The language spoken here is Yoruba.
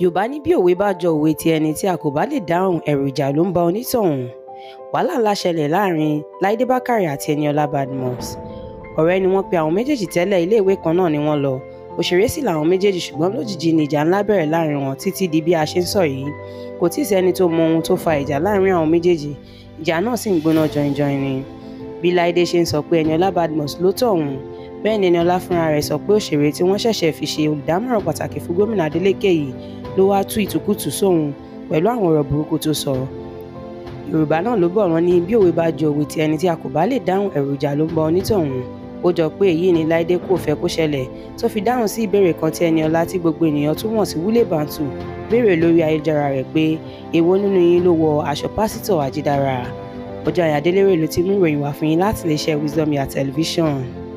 Yorùbá ní bí òwe bá jọ òwe ti ẹni tí a kò bá lè dáhùn ẹ̀rù ìjà ló ń bá onítọ̀hún wàhálà ńlá ṣẹlẹ̀ láàrin Láìdé Bákàrè àti Eniola Badmus ọ̀rẹ́ ni wọ́n pe àwọn méjèèjì tẹ́lẹ̀ iléèwé kan náà ni wọ́n lọ òṣèré sì làwọn méjèèjì ṣùgbọ́n lójijì ni ìjà ńlá bẹ̀rẹ̀ láàrin wọn títí di bí a ṣe ń sọ yìí kò tí ì sẹ́ni tó mọ ohun tó fa ìjà láàrin àwọn méjèèjì ìjà náà sì ń gbóná jọinjọin ni bí Láìdé ṣe ń sọ pé Eniola Badmus ló tọ̀hún bẹ́ẹ̀ ni Eniola fúnra rẹ̀ sọ pé òṣèré tí wọ́n ṣẹ̀ṣẹ̀ fi ṣe olùdámọ̀ràn pàtàkì fún gómìnà Adeleke yìí ló wáá tú ìtùkùtù sóhun pẹ̀lú àwọn ọ̀rọ̀ burúkú tó sọ̀rọ̀ Yorùbá náà ló bọ̀ wọ́n ní bí òwe bá jọ òwe ti ẹni tí a kò bá lè dáhùn èròjà ló ń bọ onítọ̀hún ó jọ pé èyí ni Láìdé kò fẹ́ kó ṣẹlẹ̀ tó fi dáhùn sí ìbéèrè kan tí Ẹniọlá tí gbogbo ènìyàn tún mọ̀ sí Wúlé Bàǹtù béèrè lórí ayélujára rẹ̀ pé èwo nínú yín ló wọ aṣọ pásítọ̀ àjídára Ọjọ́ Ayé Adélérè ló ti mú ìròyìn wá fún yín láti iléeṣẹ́ Wisdom Yard television.